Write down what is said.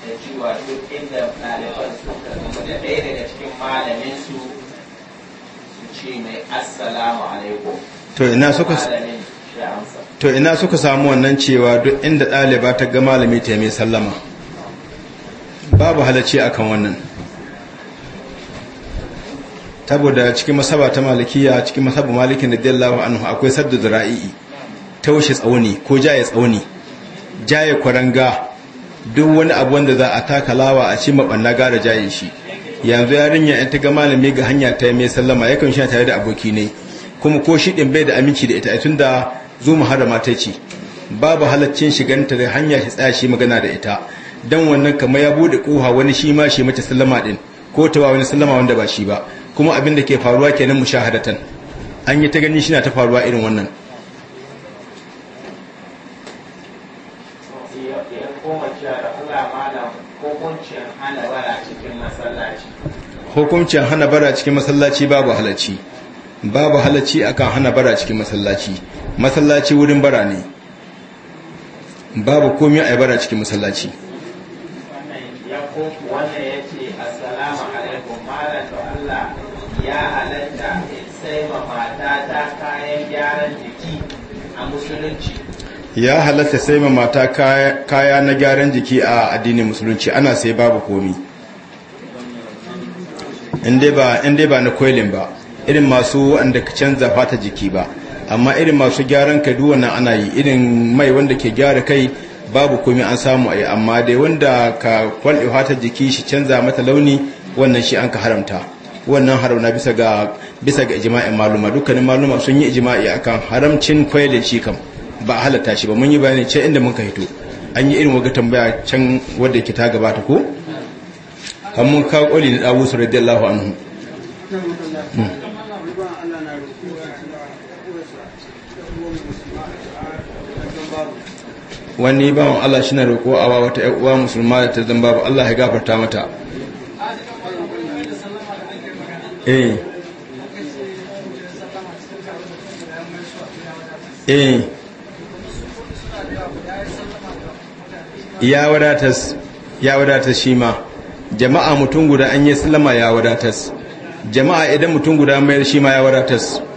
cewa duk inda ɗaliban suka zama da ɗaya daga cikin malamin su su ce mai assalamu alaikum to ina suka to ina suka samu wannan cewa duk inda ɗaliba ta ga malami ta mai sallama babu halacci akan wannan saboda cikin masaba ta malikiya cikin masaba malikin radiyallahu anhu akwai saddu zara'i taushe tsauni ko jaye tsauni jaye kwaranga duk wani abu wanda za a taka lawa a ci mabanna gara jaye shi yanzu yarinya ya ta ga malami ga hanya ta mai sallama yakan sha tare da aboki ne kuma ko shi din bai da aminci da ita tunda zo mu harama ta ce babu halaccin shiganta da hanya shi tsaya shi magana da ita dan wannan kamar ya bude koha wani shi ma shi mace sallama din ko ta wani sallama wanda ba shi ba kuma abin da ke faruwa kenan mushahadatan an yi ta gani shi na ta faruwa irin wannan hukuncin hana bara cikin masallaci babu halacci babu halacci akan hana bara cikin masallaci masallaci wurin bara ne babu komai a bara cikin masallaci wannan kayan gyaran jiki a musulunci ya halatta sai ma mata kaya na gyaran jiki a addinin musulunci ana sai babu komi inda ba na koilin ba irin masu wanda ka canza fata jiki ba amma irin masu gyaran kai duwana ana yi irin mai wanda ke gyara kai babu komi an samu a yi amma dai wanda ka kwalɗe fata jiki shi canza mata launi wannan shi an ka haramta wannan harauna bisa ga bisa maluma dukkanin maluma sun yi ijima'i akan haramcin kwailin shi kam ba a halatta shi ba mun yi bayani can inda mun ka hito an yi irin waga tambaya can wadda yake ta gabata ko kan mun kawo koli na dawo su radiyallahu anhu hmm. wani bawan Allah shi na roƙo a wata uwa musulma da ta zamba ba Allah ya gafarta mata eh eh ya wadatas ya wadatas shi ma jama'a mutum guda an yi sallama ya wadatas jama'a idan mutum guda mayar shi ma ya wadatas